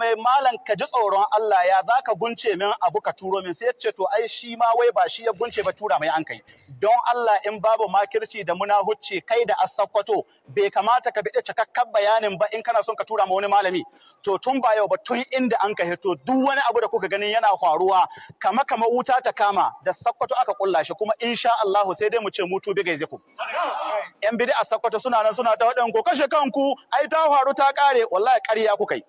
mai malan ka ji tsoron Allah ya za ka gunce min abu ka turo min sai ya ce to ai shi ma wai ba shi ya gunce ba tura mai an kai don Allah in babu makirci da muna munahucci kai da asakwato bai kamata ka bide cikakken bayanin ba in kana son ka tura ma wani malami to tun ba yau ba tun inda an ka hito duk wani abu da kuka gani yana faruwa kama kama wuta ta kama da sakwato aka kulla shi kuma insha Allah sai dai mu ce mutu bi gaize ku yan bid'a sakwato suna nan suna ta wadan ko kashe kanku ai ta faru ta kare wallahi ƙarya kuka yi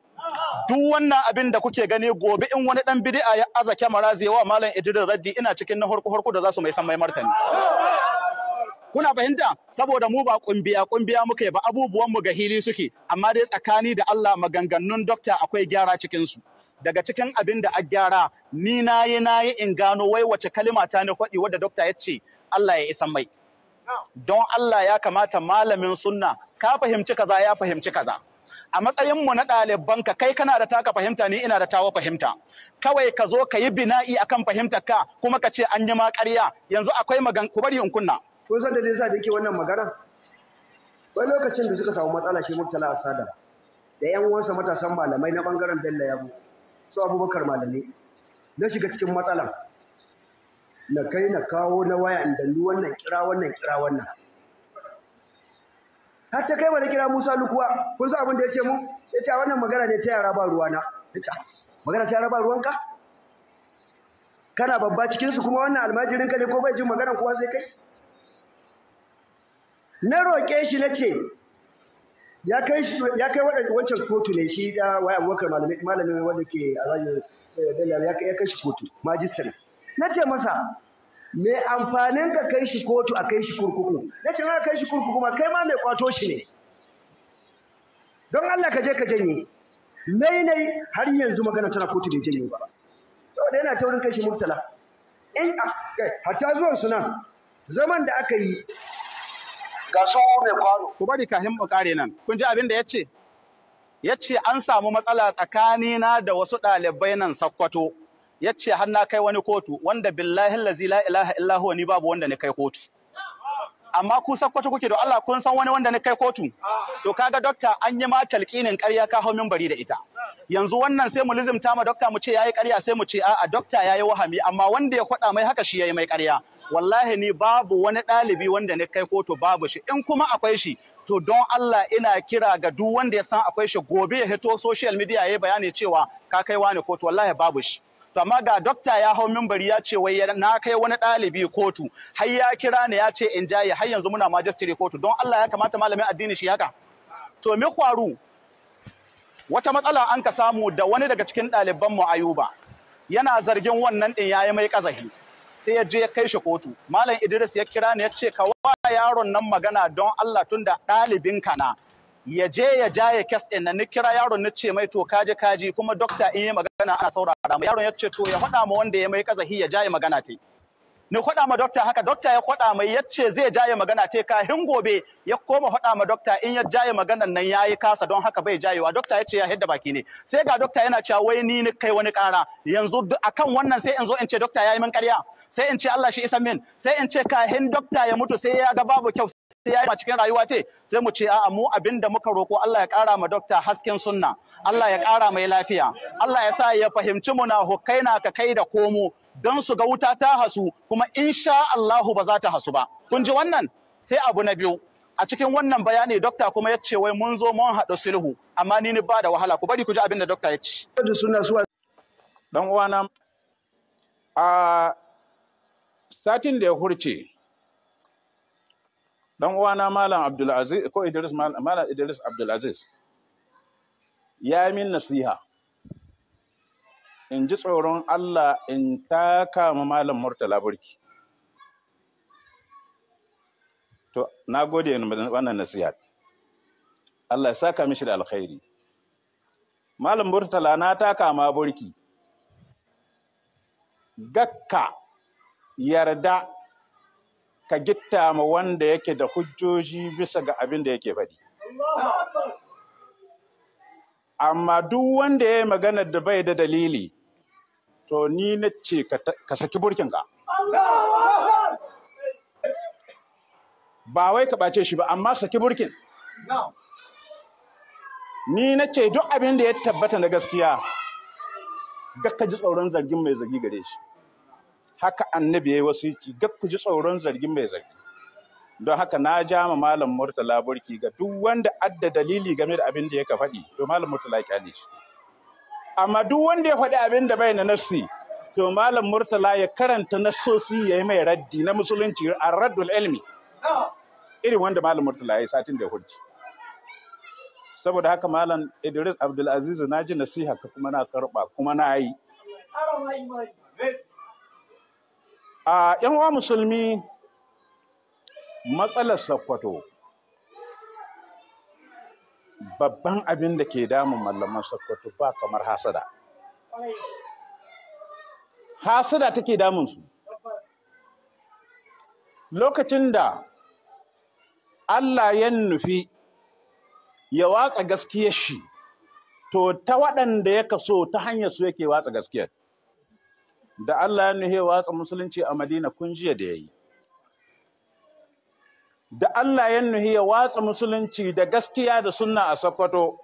duk wannan abin da kuke gani gobe in wani dan bid'a ya aza kyamara zai wa malam Idris Raddi ina cikin na horko horko da za su mai san mai martani kuna fahimta saboda mu ba kumbiya kumbiya muke ba abubuwan mu ga hili suke amma dai tsakani da Allah maganganun dokta akwai gyara cikin su daga cikin abin da a gyara ni nayi nayi in gano wai wace kalima ta ne kwadi wadda dokta ya ce Allah ya isa mai don Allah ya kamata malamin sunna ka fahimci kaza ya fahimci kaza a matsayin mu na ɗaliban ka kai kana da taka fahimta ni ina da tawa fahimta kawai ka zo ka yi bina'i akan fahimtar ka kuma ka ce an yi ma ƙarya yanzu akwai magan ku bari in kunna kun san da yasa da yake wannan magana wani lokacin da suka samu matsala shi murtala asada da yan uwansa matasan malamai na bangaren bello yabo su abubakar malami na shiga cikin matsala na kai na kawo na waya inda ni wannan kira wannan kira wannan har ta kai wani kira Musa lukuwa kun san abin da ya ce mu ya ce a wannan magana ne ta yara ba ruwana ya ce magana ta yara ba ruwanka kana babba cikinsu kuma wannan almajirin ka ne ko bai jin magana kowa sai kai na roƙe shi na ce ya kai wancan kotu ne shi da waya abubakar malamin wanda ke a eh, ya kai shi kotu majistar na ce masa me amfanin ka kai shi kotu a kai shi kurkuku na ce kai shi kurkuku ma kai ma mai kwato shi ne don Allah ka je ka janye lainai har yanzu magana tana kotu da janye ba to da yana taurin kai shi murtala in hatta zuwan su nan zaman da aka yi ga so mai kwano ku bari ka mu kare nan kun ji abin da ya ce ya ce an samu matsala tsakanina da wasu ɗalibai nan sakkwato ya ce har na kai wani kotu wanda billahi lazi la ilaha illa huwa ni babu wanda ni kai kotu amma ku sakwato kuke da Allah kun san wani wanda ni kai kotu to kaga dokta an yi ma talqinin ƙarya ka hau minbari da ita yanzu wannan sai mu lizimta ma dokta mu ce yayi ƙarya sai mu ce a'a dokta yayi wahami amma wanda ya kwaɗa mai haka shi yayi mai ƙarya wallahi ni babu wani ɗalibi wanda ni kai kotu babu shi in kuma akwai shi to don Allah ina kira ga duk wanda ya san akwai shi gobe ya hito social media yayi bayani cewa ka kai wani kotu wallahi babu shi to amma ga dokta ya hau mimbari ya ce wai na kai wani ɗalibi kotu har ya kira ni ya ce in jaye har yanzu muna majistare kotu don Allah ya kamata malamin addini shi haka to me kwaru wata matsala an ka samu da wani daga cikin ɗaliban mu Ayuba yana zargin wannan din yayi mai kazahi sai ya je ya kai shi kotu malam Idris ya kira ne ya ce ka wa yaron nan magana don Allah tunda ɗalibin ka na ya je ya ya kes ɗin na ni kira yaron na ce mai to kaje kaji kuma dokta in yi magana ana saurara mu yaron ya ce to ya faɗa ma wanda ya mai kazahi ya ja ya magana te ni faɗa ma dokta haka dokta ya faɗa mai ya ce zai ja ya magana te kahin gobe ya koma faɗa ma dokta in ya ja ya magana nan yayi kasa don haka bai jayewa dokta ya ce ya hidda baki ne sai ga dokta yana cewa wai ni ni kai wani ƙara yanzu akan wannan sai in zo in ce dokta yayi min karya sai in ce Allah shi isa min sai in ce kahin dokta ya mutu sai ya ga babu kyau sai ya yi cikin rayuwa ce sai mu ce a mu abin da muka roko Allah ya kara ma dokta hasken sunna Allah ya kara mai lafiya Allah ya sa ya fahimci muna na ka kai da komo don su ga wuta ta hasu kuma insha Allah ba za ta hasu ba kun ji wannan sai abu na biyu a cikin wannan bayani dokta kuma ya ce wai mun zo mun haɗu sulhu amma ni ni ba da wahala ku bari ku ji abin da dokta ya ce dan uwana a satin da ya hurce dan uwana malam Abdulaziz ko Idris malam Idris Abdulaziz ya min nasiha in ji tsoron Allah in taka ma malam Murtala burki to na gode wannan nasiha Allah ya saka mishi da alkhairi malam Murtala na taka ma burki gakka yarda ka gitta ma wanda yake da hujjoji bisa ga abin da yake faɗi. Amma duk wanda ya yi maganar da bai da dalili, to ni na ce ka saki burkinka. Ba wai ka ɓace shi ba, amma saki burkin. Ni na ce duk abin da ya tabbata na gaskiya, ga ka ji tsoron zargin mai zargi gare shi. haka annabi ya yi wasici gab ku ji tsoron zargin mai zargi don haka na ja ma malam murtala burki ga duk wanda adda dalili game da abin da ya ka faɗi to malam murtala ya kyale shi amma duk wanda ya faɗi abin da bai na nassi to malam murtala ya karanta nassosi ya yi mai raddi na musulunci a raddul ilmi irin wanda malam murtala ya yi satin da hujji saboda haka malam idris abdulaziz na ji nasiha kuma na karɓa kuma na yi a yan musulmi matsalar sakkwato babban abin da ke damun mallamar sakkwato ba kamar hasada hasada take damun su lokacin da Allah ya nufi ya watsa gaskiyar shi to ta waɗanda ya kaso ta hanyar su yake watsa gaskiyar da Allah ya nuhe watsa musulunci a Madina kun jiya da yayi da Allah ya nuhe ya watsa musulunci da gaskiya da sunna a Sokoto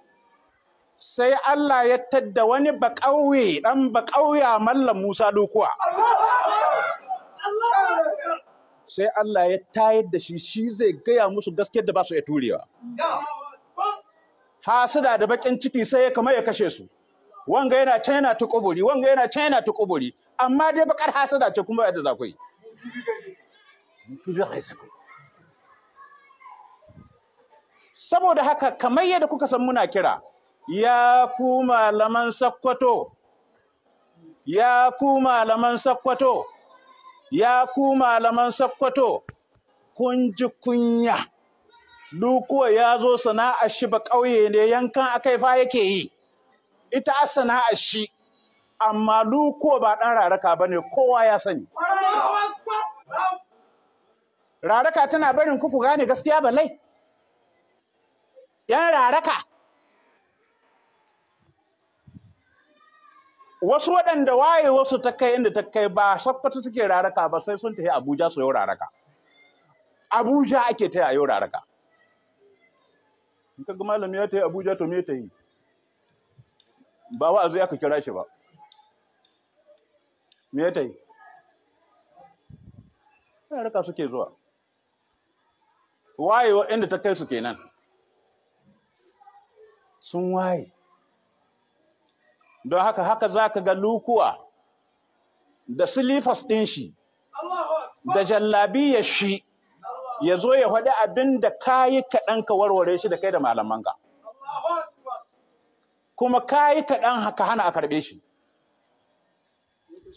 sai Allah ya tadda wani baƙauye ɗan baƙauya mallam Musa Dokuwa sai Allah ya tayar da shi shi zai gaya musu gaskiyar da ba su iya turewa hasada da bakin ciki sai ya kama ya kashe su wanga yana can yana tukuburi wanga yana can yana tukuburi amma dai bakar hasada ce kuma yadda za ku yi saboda haka kamar yadda kuka san muna kira ya ku malaman sakkwato ya ku malaman sakkwato ya ku malaman sakkwato kun ji kunya lukuwa ya zo sana'ar shi ba ƙauye ne yankan yi fa yake yi ita a sana'ar shi amma ko ba ɗan raraka ba ne kowa ya sani. Raraka tana barin kuku gane gaskiya ba lai? ‘Yan raraka. Wasu waɗanda waye wasu ta kai inda ta kai ba sakkwato suke raraka ba sai sun tafi Abuja su yau raraka. Abuja ake ta yau raraka. In ka ga malami ya ta yi Abuja to me ta yi? Ba wa'azi aka kira shi ba. me ya ta yi? ya rika suke zuwa wayewa inda ta kai su kenan sun waye don haka haka za ka ga lukuwa da silifas ɗin shi da jallabi shi ya zo ya faɗi abin da ka yi kaɗan ka warware shi da kai da malamanka kuma ka yi kaɗan haka hana a karɓe shi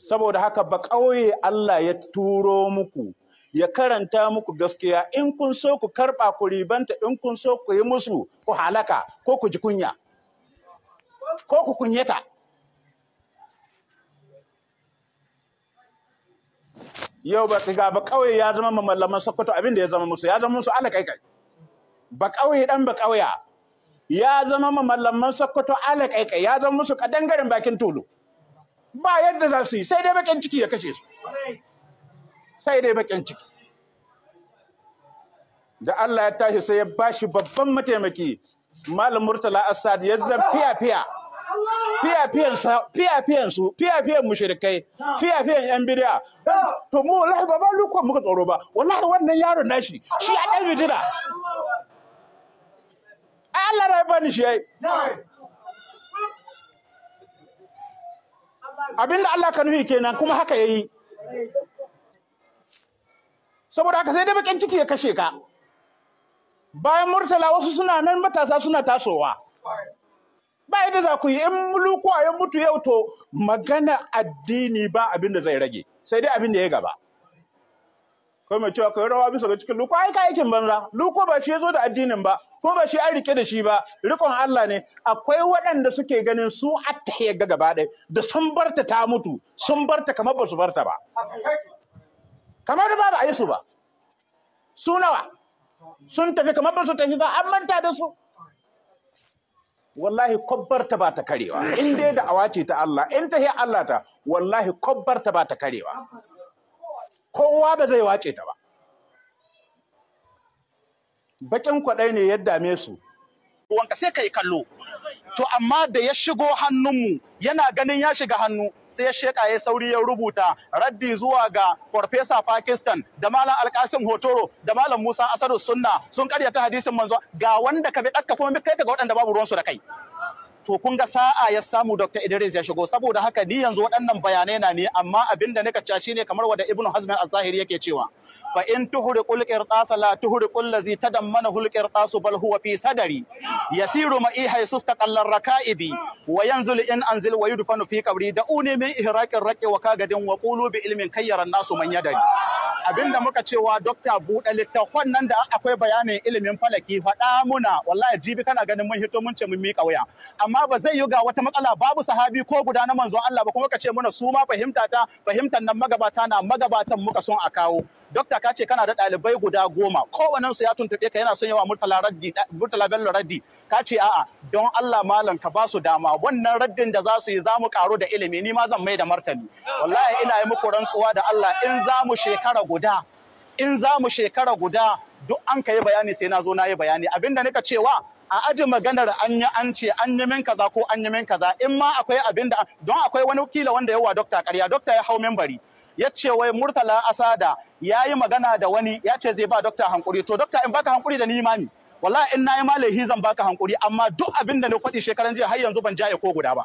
saboda haka ba ƙauye Allah ya turo muku ya karanta muku gaskiya in kun so ku karɓa ku ribanta in kun so ku yi musu ku halaka ko ku ji kunya ko ku kunyata yau ba ga ba ƙauye ya zama mallaman sokoto abin da ya zama musu ya zama musu ala kai ba ƙauye dan ba ƙauya ya zama mallaman sokoto alakai kai ya zama musu kadangaren bakin tulu ba yadda za su yi sai dai bakin ciki ya kashe su sai dai bakin ciki da Allah ya tashi sai ya bashi babban mataimaki Malam Murtala Assad ya zan fiya-fiya fiya-fiyan su fiya-fiyan mushrikai fiya-fiyan yan bidiya to mu wallahi ba ba lukon muka tsoro ba wallahi wannan yaron nashi shi a dan bidira Allah ya bani shi yayi abinda Allah ka nufi kenan kuma haka yayi saboda haka sai da bakin ciki ya kashe ka bayan murtala wasu suna nan matasa suna tasowa ba yadda za ku yi in mulukuwa ya mutu yau to magana addini ba abinda zai rage sai dai abin da ya gaba Ko mai cewa kai rawa bisa ga cikin luko ai ka aikin banza luko ba shi yazo da addinin ba ko ba shi an rike da shi ba rikon Allah ne akwai waɗanda suke ganin su hatta ya ga gaba ɗaya da sun barta ta mutu sun barta kamar ba su barta ba kamar ba ba a yi su ba su nawa sun tafi kamar ba su tafi ba an manta da su wallahi kwabbarta ba ta karewa in dai da awace ta Allah in ta Allah ta wallahi kwabbarta ba ta karewa kowa ba zai wace ta ba bakin kwaɗai ne ya dame su wanka sai ka yi kallo to amma da ya shigo hannunmu yana ganin ya shiga hannu sai ya sheka ya sauri ya rubuta raddi zuwa ga farfesa pakistan da malam alkasim hotoro da malam musa asadu sunna sun karyata hadisin manzo ga wanda ka bi ɗaka kuma kai ga waɗanda babu ruwansu da kai to kun ga sa'a ya samu Dr. Idris ya shigo saboda haka ni yanzu waɗannan bayanai na ne amma abin da nika ci shine kamar wanda Ibn Hazm al-Zahiri yake cewa fa in tuhriqul qirtasa la tuhriqul ladhi tadammana hul qirtasu bal huwa fi sadari yasiru ma iha sustaqallar rakaibi wa yanzul in anzil wa yudfanu fi qabri une min ihraqir raqi wa kagadin wa qulu bi ilmin kayyaran nasu man yadari abinda muka cewa dokta buɗe littafan nan da akwai bayanin ilimin falaki faɗa muna wallahi jibi kana ganin mun hito mun ce mun miƙa waya amma amma ba zai yi ga wata matsala babu sahabi ko guda na manzon Allah ba kuma ka ce mana su ma fahimta ta fahimtar nan magabata na magabatan muka son a kawo dokta ka ce kana da ɗalibai guda goma kowannen su ya tuntuɓe ka yana son yawa murtala raddi murtala bello raddi ka ce a'a don Allah malam ka ba su dama wannan raddin da za su yi za mu karo da ilimi ni ma zan mai da martani wallahi ina yi muku rantsuwa da Allah in za mu shekara guda in za mu shekara guda duk an ka yi bayani sai na zo na yi bayani abinda nika cewa a aji maganar an yi an ce an yi min kaza ko an yi min kaza in ma akwai abin da don akwai wani kila wanda yawa dokta ƙarya dokta ya hau membari ya ce wai murtala asada ya yi magana da wani ya ce zai ba dokta hankuri to dokta in baka hankuri da ni imami wallahi in na yi malahi zan baka hankuri amma duk abin da na kwaɗi shekaran jiya har yanzu ban jaye ko guda ba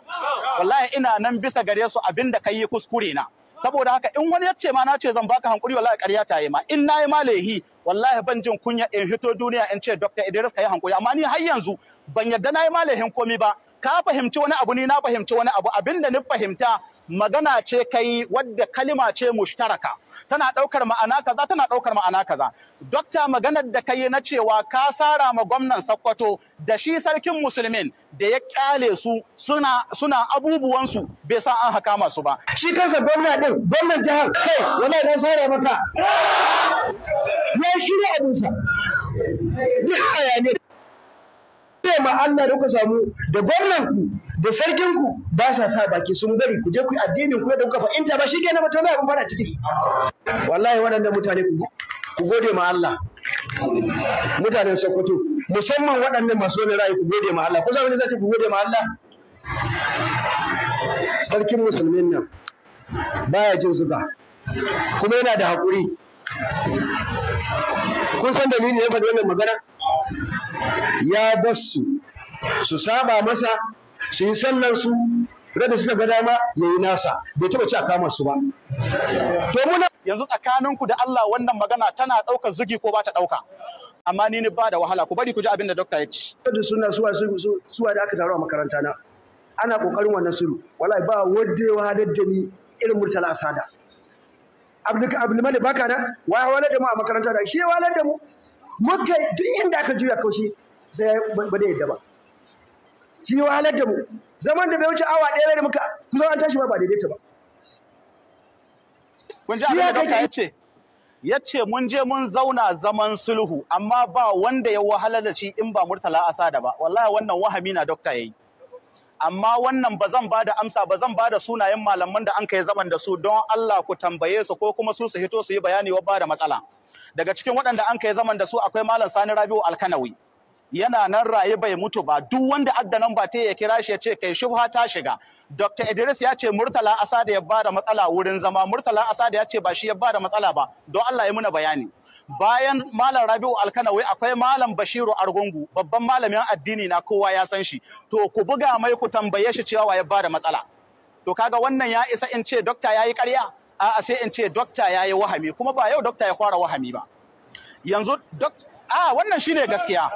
wallahi ina nan bisa gare su abin da yi kuskure na saboda haka in wani ya ce ma na ce zan baka hankuri wallahi ƙarya ta yi ma in na yi ma lehi wallahi ban jin kunya in hito duniya in ce Dr. Idris ka yi hankuri amma ni har yanzu ban yarda na yi ma lehin komi ba ka fahimci wani abu ni na fahimci wani abu abinda ni fahimta magana ce kai wadda kalima ce mushtaraka tana ɗaukar ma'ana kaza tana ɗaukar ma'ana kaza dokta maganar da kai na cewa ka sara ma gwamnan sakkwato da shi sarkin musulmin da ya kyale su suna suna abubuwansu bai sa an haka masu ba shi kansa gwamna din gwamnan jihar kai wallahi dan sara maka ya shirya abinsa ya hayaniya ma Allah da kuka samu da ku da sarkinku ba sa sa baki sun bari ku je ku addinin ku da kuka fahimta ba shi kenan ba to mai abin fara ciki wallahi waɗannan mutane ku gode ma Allah mutanen Sokoto musamman waɗannan masu wani ra'ayi ku gode ma Allah kusa wani zace ku gode ma Allah sarkin musulmin nan baya jin zuba kuma yana da haƙuri kun san dalilin ya faɗi wannan magana ya basu su saba masa su yi sannan su da suka ga dama ya yi nasa bai taɓa ci a kama su ba to muna yanzu tsakaninku da Allah wannan magana tana ɗaukar zugi ko ba ta ɗauka amma ni ni ba da wahala ku bari ku ji abin da dokta ya ci da suna suwa suwa da aka taru a makaranta na ana kokarin wannan suru wallahi ba wadewa da ni irin murtala asada abdulmalik baka da waya wala da mu a makaranta da shi ya da mu muka duk inda aka juya kaushi sai ba da yadda ba shi wahalar da mu zaman da bai wuce awa ɗaya da muka kusan an tashi ba ba daidaita ba ya ce ya mun je mun zauna zaman sulhu amma ba wanda ya wahalar da shi in ba murtala asada ba wallahi wannan wahami na dokta yayi amma wannan ba zan ba da amsa ba zan ba da sunayen malaman da an kai zaman da su don Allah ku tambaye su ko kuma su su hito su yi bayani wa ba da matsala daga cikin waɗanda an kai zaman da su akwai malam Sani Rabiu Alkanawi yana nan raye bai mutu ba duk wanda addanan ba ta ya kira shi ya ce kai shubha ta shiga Dr. Idris ya ce Murtala Asada ya bada matsala wurin zama Murtala Asada ya ce ba shi ya bada matsala ba don Allah ya muna bayani bayan malam rabi'u alkanawai akwai malam bashiru argungu babban malamin addini na kowa ya san shi to ku buga mai ku tambaye shi cewa ya bada matsala to kaga wannan ya isa in ce dokta yayi karya? a'a sai in ce dokta yayi wahami kuma ba yau dokta ya fara wahami ba yanzu dokta a wannan shine gaskiya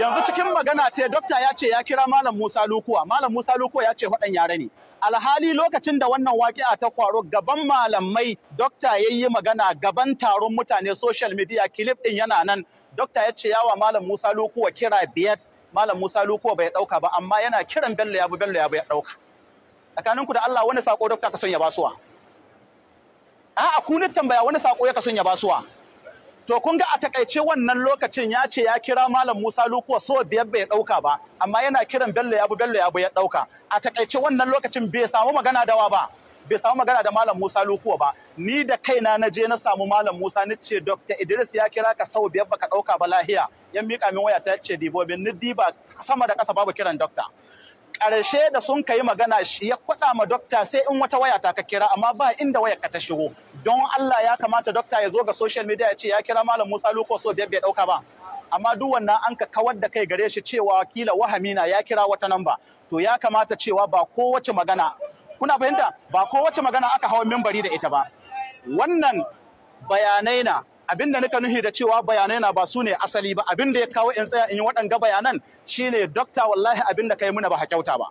yanzu cikin magana ce dokta ya ce ya kira malam musa lukuwa malam musa lukuwa ya ce waɗan yare ne alhali lokacin da wannan waƙi'a ta kwaro gaban malamai dokta ya yi magana gaban taron mutane social media clip ɗin yana nan dokta ya ce yawa malam musa lukuwa kira biyar malam musa lukuwa bai ɗauka ba amma yana kiran bello yabu bello yabu ya ɗauka tsakaninku da allah wani sako dokta ka son ya basuwa a'a ku tambaya wani sako ya ka son ya basuwa To kun ga a takaice wannan lokacin ya ce ya kira Malam Musa Lukuwa so biyar bai ɗauka ba, amma yana kiran Bello ya bu Bello bu ya ɗauka. A takaice wannan lokacin bai samu magana dawa ba. Bai samu magana da Malam Musa Lukuwa ba. Ni da kaina na je na samu Malam Musa ni ce Dr. Idris ya kira ka sau biyar baka ɗauka ba lahiya. Yan miƙa min waya ta ce dibobin ni diba sama da ƙasa babu kiran dokta. Ƙarshe da sun ka yi magana ya kwaɗa ma dokta sai in wata waya ta ka kira amma ba inda wayar ka ta shigo. don Allah ya kamata dokta ya zo ga social media ya ce ya kira malam Musa Luko so bai dauka ba amma duk wannan an ka kawar da kai gare shi cewa kila wahami na ya kira wata namba to ya kamata cewa ba kowace magana kuna fahimta ba kowace magana aka hawa membari da ita ba wannan bayanai na abinda nika nuhi da cewa bayanai na ba su ne asali ba Abin da ya kawo in tsaya in yi waɗanga bayanan shine dokta wallahi abin abinda kai muna ba kyauta ba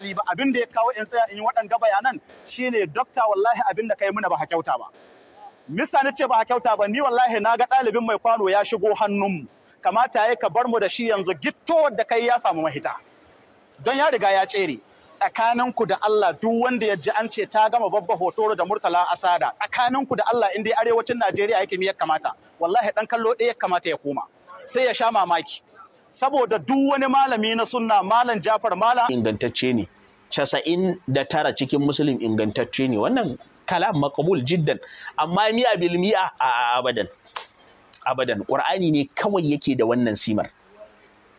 ba abin da ya kawo in tsaya in yi waɗanga bayanan shine dokta wallahi abin da kai muna ba kyauta ba misa na ce ba kyauta ba ni wallahi na ga ɗalibin mai kwano ya shigo hannunmu kamata ya ka bar mu da shi yanzu gitto da kai ya samu mahita don ya riga ya tsere tsakaninku da Allah duk wanda ya ji an ce ta gama babba hotoro da murtala asada tsakaninku da Allah inda arewacin Najeriya yake mi ya kamata wallahi dan kallo ɗaya ya kamata ya koma sai ya sha mamaki saboda duk wani malami na sunna malam Jafar malam ingantacce ne casa'in da tara cikin musulun ingantacce ne wannan kalam makabul jiddan amma mi'a bil mi'a a abadan abadan ƙur'ani ne kawai yake da wannan simar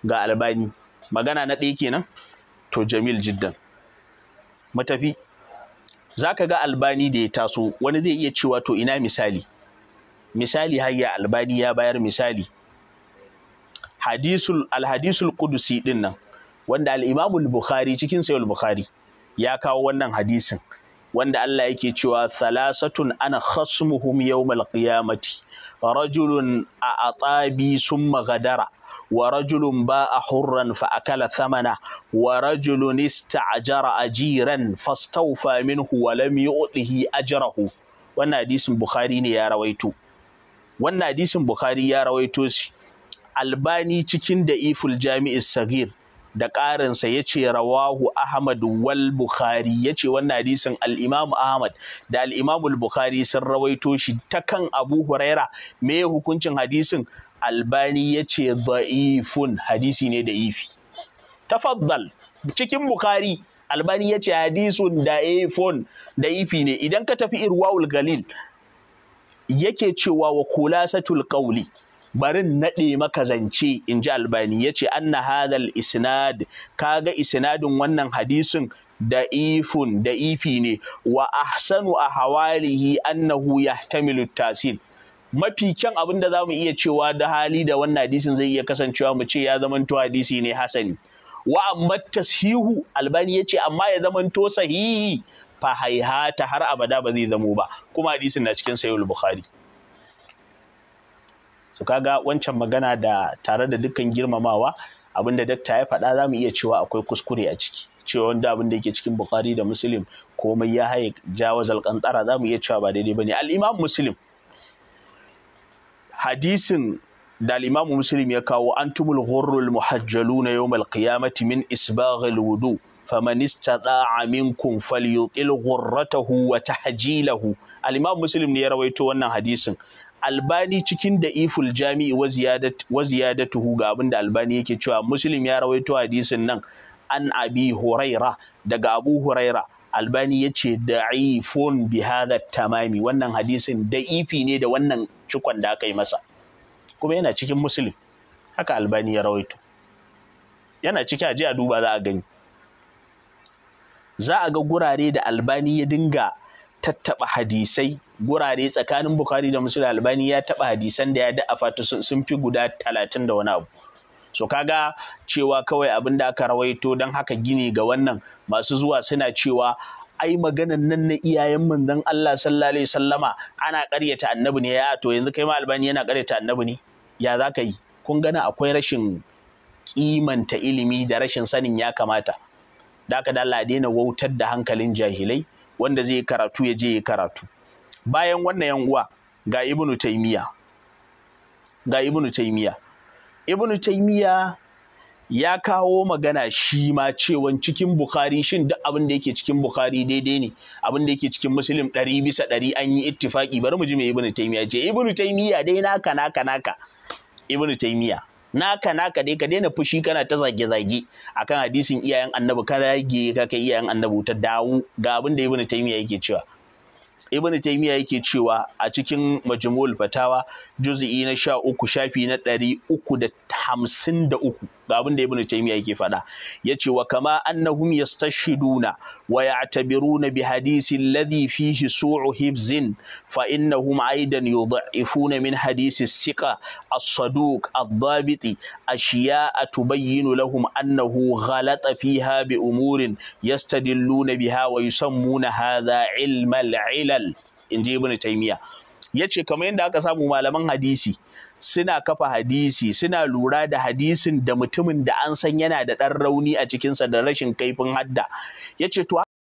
ga albani magana na ɗaya kenan to jamil jiddan matafi ka ga albani da ya taso wani zai iya cewa to ina misali misali hayya albani ya bayar misali hadisul alhadisul qudusi din nan wanda al imamul bukhari cikin sayul bukhari ya kawo wannan hadisin wanda Allah yake cewa thalasatun ana khasmuhum yawmal qiyamati rajulun a atabi summa gadara wa rajulun ba'a hurran fa akala thamana wa rajulun ista'jara ajiran fastawfa minhu wa lam yu'tihi ajrahu wannan hadisin Bukhari ne ya rawaito wannan hadisin Bukhari ya rawaito shi albani cikin da iful jami'i sagir da ƙarinsa ya ce rawahu ahmad wal bukhari ya ce wannan hadisin al'imamu ahmad da al'imamu bukhari sun rawaito shi ta kan abu huraira me hukuncin hadisin albani ya ce da'ifun hadisi ne da ifi tafaddal cikin bukhari albani ya ce hadisun da'ifun da ifi ne idan ka tafi irwawul galil yake cewa wa kulasatul qawli barin naɗe maka zance in ji albani ya ce anna hadal isnad kaga isnadin wannan hadisin da ifun da ifi ne wa ahsanu a hawalihi annahu yahtamilu tasil mafi kyan abin da za mu iya cewa da hali da wannan hadisin zai iya kasancewa mu ce ya zamanto hadisi ne hasani wa amma tashihu albani ya ce amma ya zamanto sahihi fa haihata har abada ba zai zamo ba kuma hadisin na cikin sayul bukhari su kaga wancan magana da tare da dukkan girmamawa abinda dakta ya faɗa za mu iya cewa akwai kuskure a ciki cewa wanda abin da yake cikin bukari da muslim komai ya haye jawazal kantara za mu iya cewa ba daidai bane ne. muslim hadisin da al musulun ya kawo an antumul ghurrul muhajjaluna yawmal qiyamati min isbaghil wudu faman istata'a minkum falyuqil ghurratahu wa tahjilahu al muslim ne ya rawaito wannan hadisin albani cikin da iful jami'i wa tuhu ga abin da albani yake cewa muslim ya rawaito hadisin nan an abi huraira daga abu huraira albani ya ce da'ifun bi tamami wannan hadisin ifi ne da wannan cikon da aka yi masa kuma yana cikin muslim haka albani ya rawaito yana ciki ji a duba za a gani za a ga gurare da albani ya dinga tattaɓa hadisai gurare tsakanin Bukhari da musulun Albani ya taɓa hadisan da ya Fato sun fi guda talatin da wani abu. So kaga cewa kawai abin da aka rawaito don haka gini ga wannan masu zuwa suna cewa ai maganan nan na iyayen manzon Allah sallallahu alaihi sallama ana karyata annabi ne ya to yanzu kai ma Albani yana ƙaryata annabi ne ya za ka yi kun gana akwai rashin kimanta ilimi da rashin sanin ya kamata da aka da daina wautar da hankalin jahilai wanda zai yi karatu ya je yi karatu bayan wannan yan uwa ga ibnu taymiya ga ibnu taymiya ibnu taymiya ya kawo magana shi ma cewan cikin bukhari shin duk abin da yake cikin bukhari daidai ne abin da yake cikin muslim ɗari bisa ɗari an yi ittifaki bari mu ji mai ibnu taymiya ce ibnu taymiya dai naka naka naka ibnu taymiya naka naka dai ka daina fushi kana ta zage zage akan hadisin iyayen annabi ka rage ka kai iyayen annabi ta dawo ga abin da ibnu taymiya yake cewa ibn taymiya yake cewa a cikin majmu'ul fatawa juz'i na sha uku shafi na ɗari uku da hamsin da uku ga abin da ibn taymiya yake faɗa yace wa kama annahum yastashhiduna wa ya'tabiruna bi hadisi alladhi fihi su'u hibzin fa innahum aidan yudha'ifuna min hadisi siqa as-saduq ad-dabiti ashiya'a tubayyinu lahum annahu ghalata fiha bi umurin yastadilluna biha wa yusammuna hadha ilma al-ilal halal in ji miya. taymiya yace kamar yadda aka samu malaman hadisi suna kafa hadisi suna lura da hadisin da mutumin da an san yana da ɗan rauni a cikinsa da rashin kaifin hadda yace to